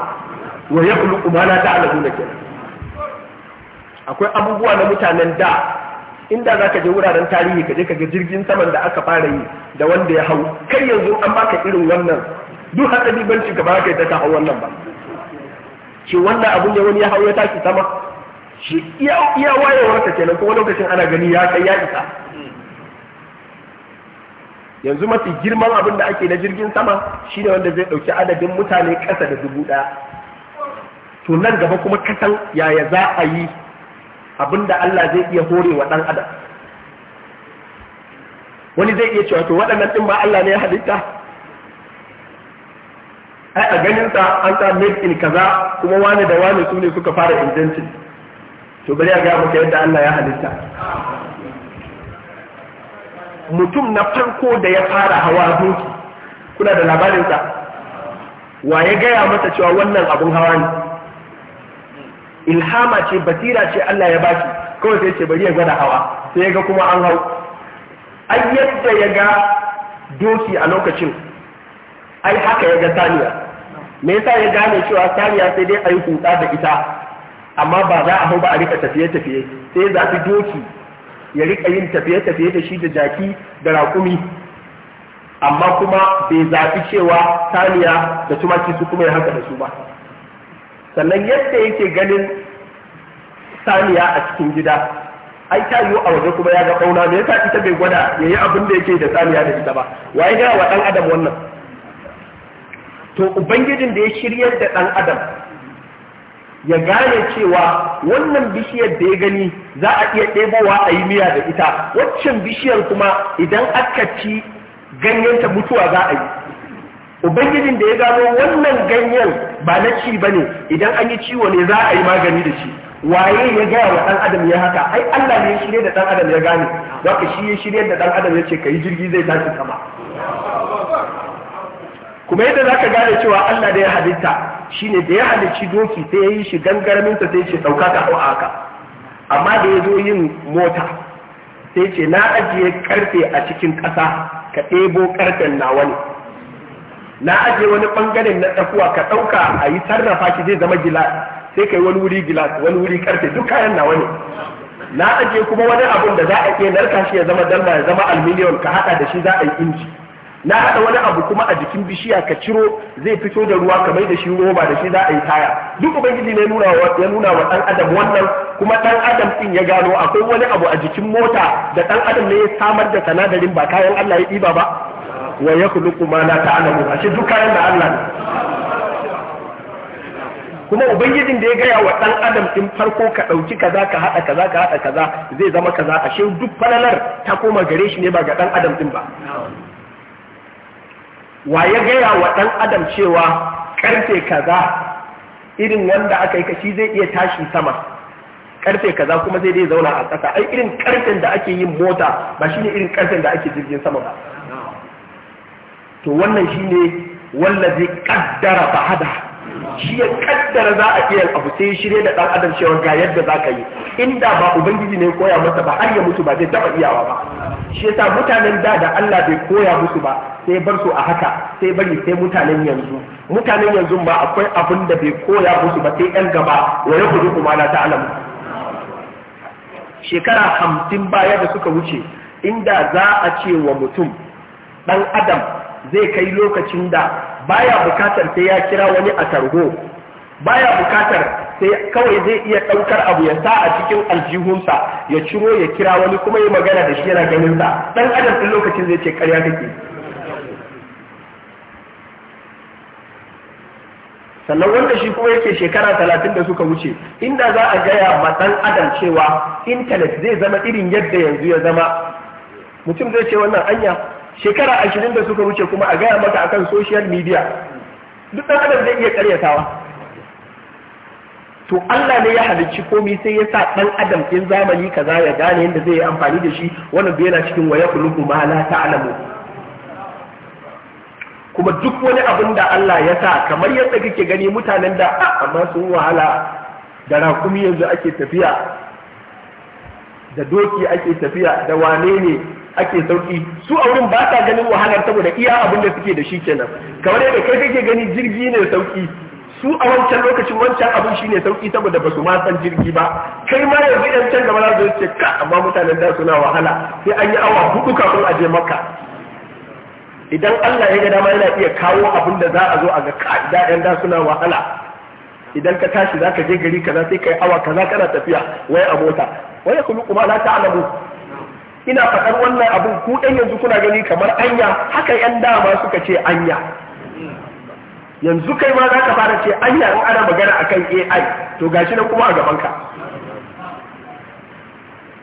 wa yakhluqu ma la ta'lamuna kenan akwai abubuwa na mutanen da inda za ka je wuraren tarihi ka je ka ga jirgin saman da aka fara yi da wanda ya hau kai yanzu an baka irin wannan duk hatsari ban ci gaba ka yi ta hau wannan ba shi wannan abun ya wani ya hau ya tashi sama shi iya wayewar ta kenan kuma lokacin ana gani ya kai ya isa yanzu mafi girman abin da ake na jirgin sama shi ne wanda zai dauki adadin mutane kasa da dubu daya to nan gaba kuma kasan yaya za a yi abin da Allah zai iya hore wa dan adam wani zai iya cewa to waɗannan ɗin ba Allah ne ya halitta ai a ganin sa an ta make in kaza kuma wani da wani su suka fara inventing to bari a ga muka yadda Allah ya halitta mutum na farko da ya fara hawa doki kuna da labarin sa wa ya gaya masa cewa wannan abun hawa ne ilhama ce basira ce Allah ya baki kawai sai ce bari ya gwada hawa sai ya ga kuma an hau ai yadda ya ga doki a lokacin ai haka ya ga saniya me yasa ya gane cewa saniya sai dai a yi hutsa da ita amma ba za a hau ba a rika tafiye-tafiye sai za su doki ya rika yin tafiye-tafiye da shi da jaki da raƙumi amma kuma bai zafi cewa saniya da tumaki su kuma ya haka da su ba sannan yadda yake ganin saniya a cikin gida ai ta yiwu a waje kuma ya ga ƙauna me yasa ita bai gwada ya yi abin da yake da saniya da ita ba waye gaya wa ɗan adam wannan to ubangijin da ya shiryar da ɗan adam ya gane cewa wannan bishiyar da ya gani za a iya ɗebowa a yi miya da ita waccan bishiyar kuma idan aka ci ganyenta mutuwa za a yi ubangijin da ya gano wannan ganyen ba na ci ba ne idan an yi ciwo ne za a yi magani da shi waye ya gaya wa ɗan adam ya haka ai Allah ne ya shirya da ɗan adam ya gane za shi ya shirya da ɗan adam ya ce ka yi jirgi zai tashi sama kuma yadda za ka gane cewa Allah da ya halitta shi ne da ya halicci doki sai ya yi shi gangaraminta sai ce ɗauka ka hau aka amma da ya zo yin mota sai ce na ajiye karfe a cikin ƙasa ka ɗebo karfen nawa ne na ajiye wani bangaren na ɗafuwa ka ɗauka a yi sarrafa shi zai zama gilas sai kai wani wuri gilas wani wuri karfe duk kayan nawa ne na ajiye kuma wani abun da za a iya narka shi ya zama dalma ya zama almiliyon ka haɗa da shi za a yi inji na haɗa wani abu kuma a jikin bishiya ka ciro zai fito da ruwa ka mai da shi roba da shi za a yi taya duk ubangiji ne nuna wa ya nuna wa dan adam wannan kuma dan adam din ya gano akwai wani abu a jikin mota da dan adam ne ya samar da sanadarin ba kayan Allah ya ɗiba ba wa yakhluqu ma la ta'lamu ashe duk kayan da Allah ne kuma ubangijin da ya gaya wa ɗan adam ɗin farko ka ɗauki kaza ka haɗa kaza ka haɗa kaza zai zama kaza ashe duk falalar ta koma gare shi ne ba ga ɗan adam ɗin ba wa ya gaya wa ɗan adam cewa ƙarfe kaza irin wanda aka yi kashi zai iya tashi sama ƙarfe kaza kuma zai dai zauna a ƙasa ai irin ƙarfen da ake yin mota ba shine irin ƙarfen da ake jirgin sama ba to wannan shine wallazi qaddara hada shi ya kaddara za a iya abu sai ya shirya da ɗan adam cewa ga yadda za ka yi inda ba ubangiji ne koya masa ba har ya mutu ba zai taɓa iyawa ba shi yasa mutanen da da Allah bai koya musu ba sai bar su a haka sai bari sai mutanen yanzu mutanen yanzu ba akwai abin da bai koya musu ba sai yan gaba wa ya kudu kuma na ta'alamu shekara hamsin baya da suka wuce inda za a ce wa mutum dan adam zai kai lokacin da baya bukatar sai ya kira wani a tarho baya bukatar sai kawai zai iya ɗaukar abu ya sa a cikin aljihunsa ya ciro ya kira wani kuma ya magana da shi yana ganinsa. sa dan adam ɗin lokacin zai ce karya kake sannan wanda shi kuma yake shekara talatin da suka wuce inda za a gaya ma ɗan adam cewa intanet zai zama irin yadda yanzu ya zama mutum zai ce wannan anya shekara ashirin da suka wuce kuma a gaya maka akan social media duk ɗan adam zai iya karyatawa to Allah ne ya halicci komai sai ya sa dan adam in zamani kaza ya gane yadda zai yi amfani da shi wannan bai yana cikin waya kuluku ma la ta'lamu kuma duk wani abin da Allah ya sa kamar yadda kake gani mutanen da a ah, amma sun wahala da rakumi yanzu ake tafiya da doki ake tafiya da wane ne ake sauki su a wurin ba ta ganin wahalar saboda iya abin da suke da shi kenan kamar yadda kai kake gani jirgi ne sauki su a wancan lokacin wancan abin shine sauki saboda ba su ma jirgi ba kai ma yanzu yan can gaba za ce ka amma mutanen da suna wahala sai an yi awa hudu kafin a je maka. idan Allah ya ga dama yana iya kawo abin da za a zo a ga ka'ida yan da suna wahala idan ka tashi za ka je gari kaza sai ka yi awa kaza kana tafiya wai a mota wai kulu kuma la ta'lamu ina faɗar wannan abin ku ɗan yanzu kuna gani kamar anya haka yan dama suka ce anya yanzu kai ma za ka fara ce an in ana magana akan AI to ga shi nan kuma a gaban ka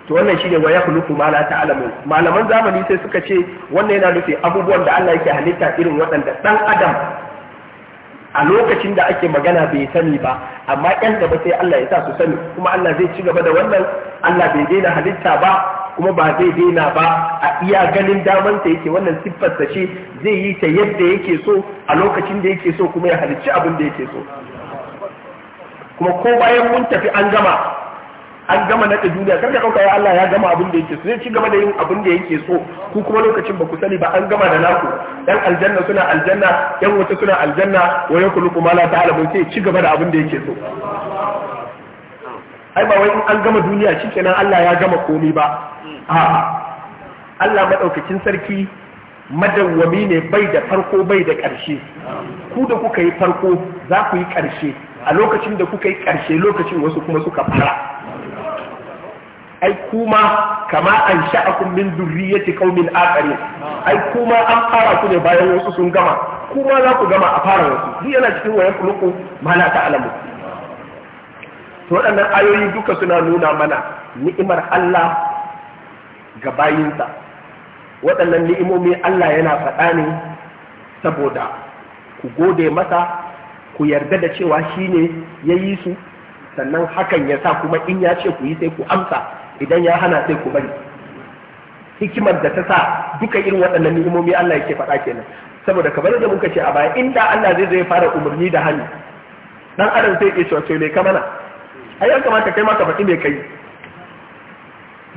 to wannan shine wa ya kuluku ma la ta'lamu malaman zamani sai suka ce wannan yana nufin abubuwan da Allah yake halitta irin waɗanda ɗan adam a lokacin da ake magana bai sani ba amma yan gaba sai Allah ya sa su sani kuma Allah zai ci gaba da wannan Allah bai daina halitta ba kuma ba zai daina ba a iya ganin daman ta yake wannan siffar ta ce zai yi ta yadda yake so a lokacin da yake so kuma ya halicci abin da yake so kuma ko bayan mun tafi an gama an gama na duniya kar ka kauka ya Allah ya gama abin da yake so zai ci gaba da yin abin da yake so ku kuma lokacin ba ku sani ba an gama da naku yan aljanna suna aljanna yan wata suna aljanna wa yakulu kuma la ta'ala sai ci gaba da abin da yake so ai ba wai in an gama duniya shikenan Allah ya gama komai ba hmm. a'a Allah madaukakin sarki madawwami ne bai da farko bai da ƙarshe hmm. ku da kuka yi farko za ku yi ƙarshe a lokacin da kuka yi ƙarshe lokacin wasu kuma suka fara ai kuma kama an sha'akum min dhurriyyati qaumin akharin hmm. ai kuma an fara ku ne bayan wasu sun gama kuma za ku gama a fara wasu duk yana cikin wayan kuluku mala ta alamu. to waɗannan ayoyi duka suna nuna mana ni'imar Allah ga bayinsa waɗannan ni'imomi Allah yana faɗa ne saboda ku gode masa ku yarda da cewa shi ne ya yi su sannan hakan ya sa kuma in ya ce ku yi sai ku amsa idan ya hana sai ku bari hikimar da ta sa duka irin waɗannan ni'imomi Allah yake faɗa kenan saboda kamar da muka ce a baya inda Allah zai zai fara umarni da hannu dan adam sai ya ce to ne ka mana Aya kamata kai maka faɗi kai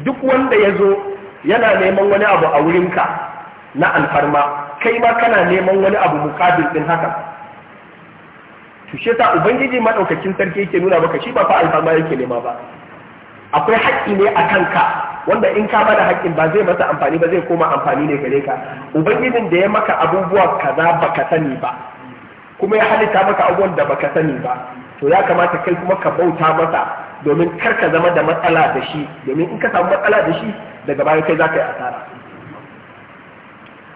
duk wanda ya zo yana neman wani abu a wurinka na alfarma kai ma kana neman wani abu mukabil din haka tushe shi yasa ubangiji maɗaukacin sarki yake nuna maka shi ba fa alfarma yake nema ba akwai haƙƙi ne a kanka wanda in ka bada haƙƙin ba zai masa amfani ba zai koma amfani ne gare ka ubangijin da ya maka abubuwa kaza baka sani ba kuma ya halitta maka abubuwan da baka sani ba to ya kamata kai kuma ka bauta masa domin kar ka zama da matsala da shi domin in ka samu matsala da shi daga baya kai za ka yi asara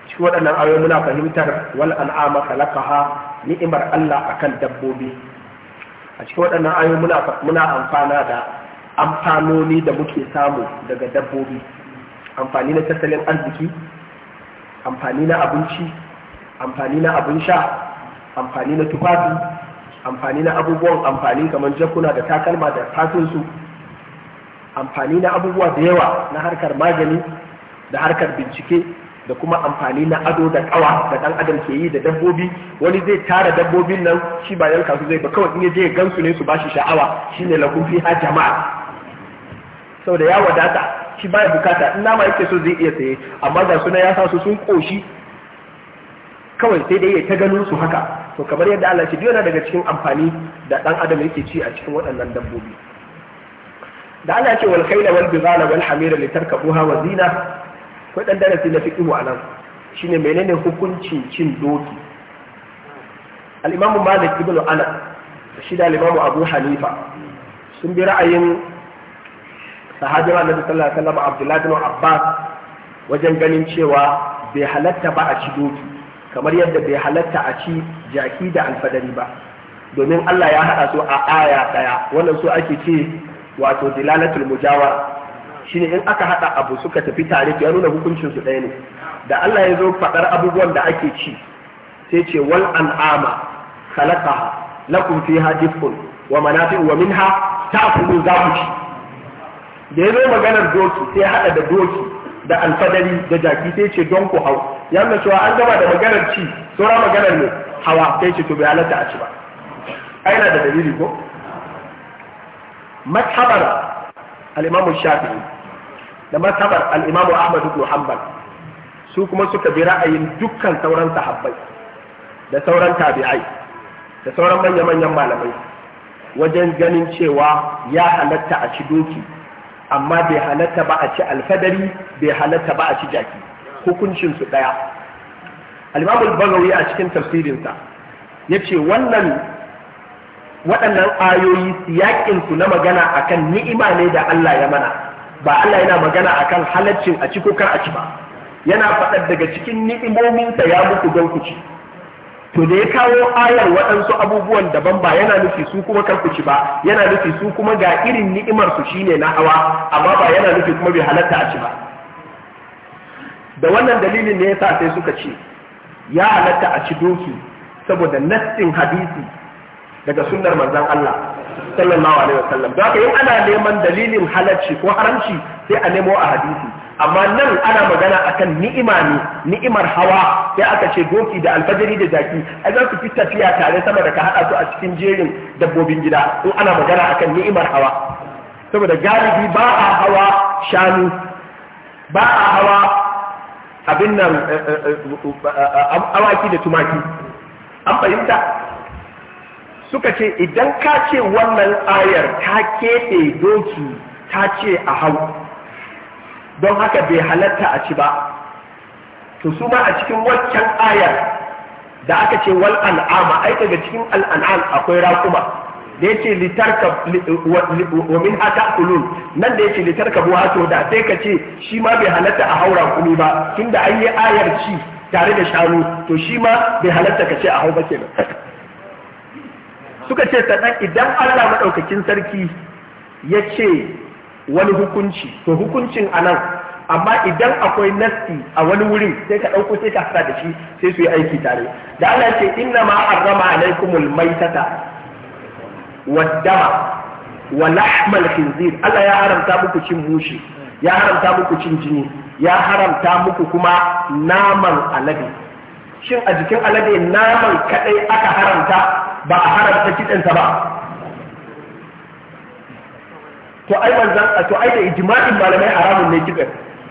cikin waɗannan ayoyi muna fahimtar wal an'ama khalaqaha ni'imar Allah akan dabbobi a cikin waɗannan ayoyi muna muna amfana da amfanoni da muke samu daga dabbobi amfani na tattalin arziki amfani na abinci amfani na abin sha amfani na tufafi amfani na abubuwan amfani kamar jakuna da takalma da fatinsu amfani na abubuwa da yawa na harkar magani da harkar bincike da kuma amfani na ado da kawa da dan adam ke yi da dabbobi wani zai tara dabbobin nan shi ba yanka su zai ba kawai in je ya gansu ne su ba shi sha'awa shine fi ha jama'a saboda ya wadata shi baya bukata in nama yake so zai iya saye amma ga suna ya sa su sun koshi kawai sai dai ya ta ganin su haka to kamar yadda Allah ce yana daga cikin amfani da dan adam yake ci a cikin waɗannan dabbobi da Allah ya ce wal khayla wal bizala wal hamira tarkabuha wa zina ko dan darasi na fiqhu anan shine menene hukuncin cin doki al imam malik ibn anas shi da al imam abu hanifa sun bi ra'ayin sahabi nabi sallallahu alaihi wasallam abdullahi ibn abbas wajen ganin cewa bai halatta ba a ci doki kamar yadda bai halatta a ci jaki da alfadari ba domin Allah ya haɗa su a aya ɗaya wannan su ake ce wato dilalatul mujawara shine in aka haɗa abu suka tafi tare ya nuna hukuncin su ɗaya ne da Allah ya zo faɗar abubuwan da ake ci sai ce wal an'ama khalaqaha lakum fiha dif'un wa manafi'u wa minha ta'kulu za ku ci da ya zo maganar doki sai haɗa da doki da alfadari da jaki sai ce don ku hau ya nuna cewa an gama da maganar ci saura maganar ne hawa sai ce to bai halatta a ci ba aina da dalili ko Mashabar al shafi'i da mashabar Alimamu imamu ahmad ibn hanbal su kuma suka bi ra'ayin dukkan sauran sahabbai da sauran tabi'ai da sauran manya-manyan malamai wajen ganin cewa ya halatta a ci doki amma bai halatta ba a ci alfadari bai halatta ba a ci jaki hukuncin su daya al-imam bagawi a cikin tafsirinsa yace wannan waɗannan ayoyi siyakin su na magana akan ni'ima ne da Allah ya mana ba Allah yana magana akan halaccin a ci ko a ci ba yana faɗar daga cikin ni'imomin sa ya muku don ku ci to da ya kawo ayar waɗansu abubuwan daban ba yana nufi su kuma karkuci ba yana nufi su kuma ga irin ni'imar su shine na hawa amma ba yana nufi kuma bai halatta a ci ba da wannan dalilin ne yasa sai suka ce ya halatta a ci doki saboda nassin hadisi daga sunnar manzon Allah sallallahu alaihi wasallam don haka in ana neman dalilin halacci ko haramci sai a nemo a hadisi amma nan ana magana akan ni'ima ne ni'imar hawa sai aka ce doki da alfajiri da zaki ai za su fi tafiya tare sama da ka haɗa su a cikin jerin dabbobin gida in ana magana akan ni'imar hawa saboda galibi ba a hawa shanu ba a hawa abin nan eh, eh, eh, awaki da tumaki an fahimta suka ce idan ka ce wannan ayar ta keɓe doki ta ce a hau don haka bai halatta a ci ba to su ma a cikin waccan ayar da aka ce wal al'ama, ai daga cikin al akwai raƙuma da yace litarka wa min hata kulun nan da yace litarka buha to da sai ka ce shi ma bai halatta a haura kuni ba tunda an yi ayar ci tare da shanu to shi ma bai halatta ka ce a hau ba kenan suka ce sannan idan Allah madaukakin sarki ya ce wani hukunci to hukuncin anan amma idan akwai nasti a wani wurin sai ka ɗauko sai ka sa da shi sai su yi aiki tare da Allah ce inna ma harrama alaikumul maitata waddama wa lahmal khinzir Allah ya haramta muku cin mushi ya haramta muku cin jini ya haramta muku kuma naman alade shin a jikin alade naman kadai aka haramta ba a haramta kitsansa ba to ai manzan to ai da ijma'in malamai haramun ne kidan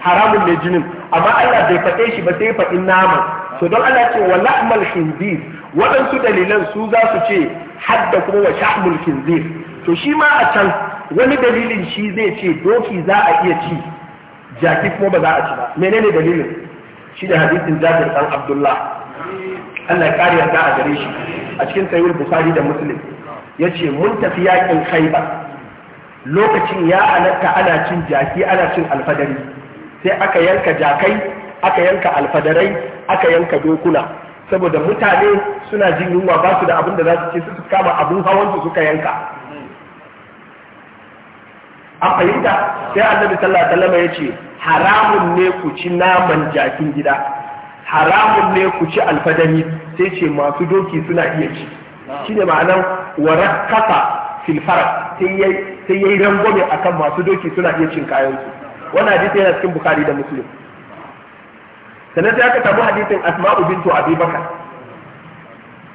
haramun ne jinin amma Allah bai faɗe shi ba sai faɗi nama to don Allah ce wa la'mal khinzir waɗansu dalilan su za su ce hadda kuma wa sha'mul khinzir to shi ma a can wani dalilin shi zai ce doki za a iya ci jaki kuma ba za a ci ba menene dalilin shi da hadisin Jabir dan Abdullah Allah ya kare yarda a gare shi a cikin sahih Bukhari da Muslim yace mun tafi yakin Khaibar lokacin ya alatta ana cin jaki ana cin alfadari sai aka yanka jakai aka yanka alfadarai aka yanka dokuna saboda mutane suna jin yunwa ba su da abin da za su ce su kama abin hawan su suka yanka an fahimta sai annabi sallallahu alaihi wasallam ya ce haramun ne ku ci naman jakin gida haramun ne ku ci alfadari sai ce masu doki suna iya ci shine ma'anar warakkafa fil sai sai yayi rangwame akan masu doki suna iya cin kayan su wannan hadisi yana cikin bukhari da muslim sannan sai aka samu hadisin asma'u bintu abubakar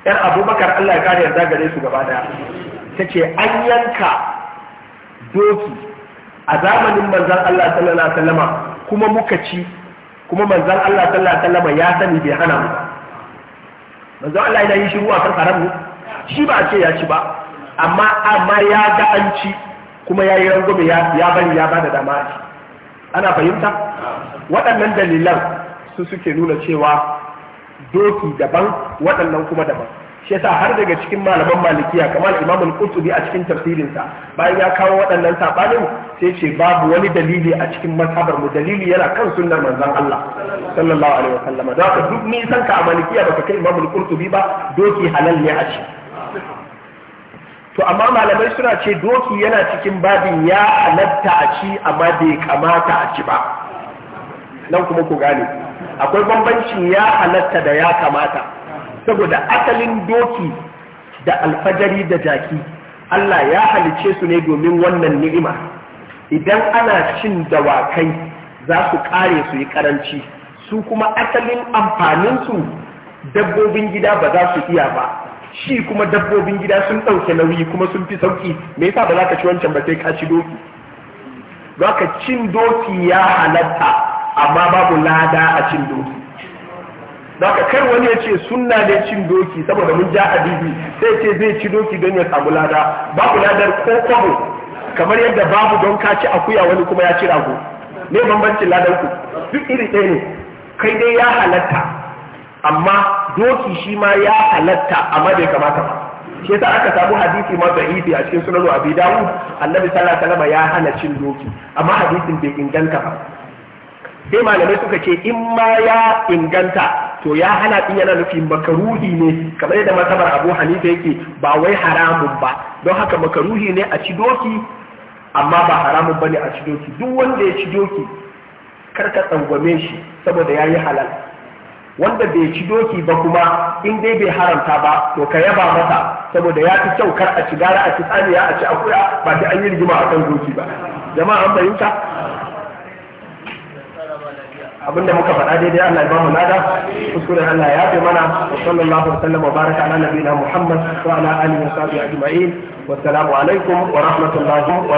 yar abubakar Allah ya kare yarda gare su gaba daya tace an yanka doki a zamanin manzon Allah sallallahu alaihi wasallama kuma muka ci kuma manzon Allah sallallahu alaihi wasallama ya sani bai hana mu manzon Allah yana yin shiru a kan haramu shi ba a ce ya ci ba amma amma ya ga an ci kuma ya yi rangume ya bani ya bada dama ana fahimta waɗannan dalilan su suke nuna cewa doki daban waɗannan kuma daban shi yasa har daga cikin malaman malikiya kamar imam qurtubi a cikin tafsirinsa bayan ya kawo waɗannan sabanin sai ce babu wani dalili a cikin mazhabar mu dalili yana kan sunnar manzon Allah sallallahu alaihi wasallam da duk nisan ka a malikiya baka kai imam al-qurtubi ba doki halal ne a ciki to amma malamai suna ce doki yana cikin babin ya halatta a ci amma bai kamata a ci ba nan kuma ku gane akwai bambancin ya halatta da ya kamata saboda asalin doki da alfajari da jaki Allah ya halice su ne domin wannan ni'ima idan ana cin dawakai za su kare su yi karanci su kuma asalin amfaninsu dabbobin gida ba za su iya ba shi kuma dabbobin gida sun ɗauke nauyi kuma sun fi sauki me yasa ba za ka ci wancan ba sai ka ci doki za ka cin doki ya halatta amma babu lada a cin doki za ka kai wani ya ce sunna ne cin doki saboda mun ja hadisi sai ce zai ci doki don ya samu lada babu ladar ko kwabo kamar yadda babu don ka ci akuya wani kuma ya ci rago ne bambancin ladar ku duk iri ɗaya ne kai dai ya halatta amma doki shi ma ya halatta amma bai kamata ba shi yasa aka samu hadisi ma da'ifi a cikin sunan Abi Dawud Annabi sallallahu alaihi wasallam ya hana cin doki amma hadisin bai inganta ba sai malamai suka ce in ma ya inganta to ya hana din yana nufi makaruhi ne kamar yadda masabar Abu Hanifa yake ba wai haramun ba don haka makaruhi ne a ci doki amma ba haramun bane a ci doki duk wanda ya ci doki kar ka tsangwame shi saboda yayi halal wanda bai ci doki ba kuma in dai bai haramta ba to ka yaba mata. saboda ya fi kyau kar a ci gara a ci tsaniya a ci akuya ba ta an yi rigima a kan doki ba jama'a an fahimta da muka faɗa daidai Allah ya ba mu nada, kuskuren Allah ya fi mana wa sallallahu alaihi wa sallam wa baraka ala nabiyina Muhammad wa ala alihi wa sahbihi ajma'in wa assalamu alaikum wa rahmatullahi wa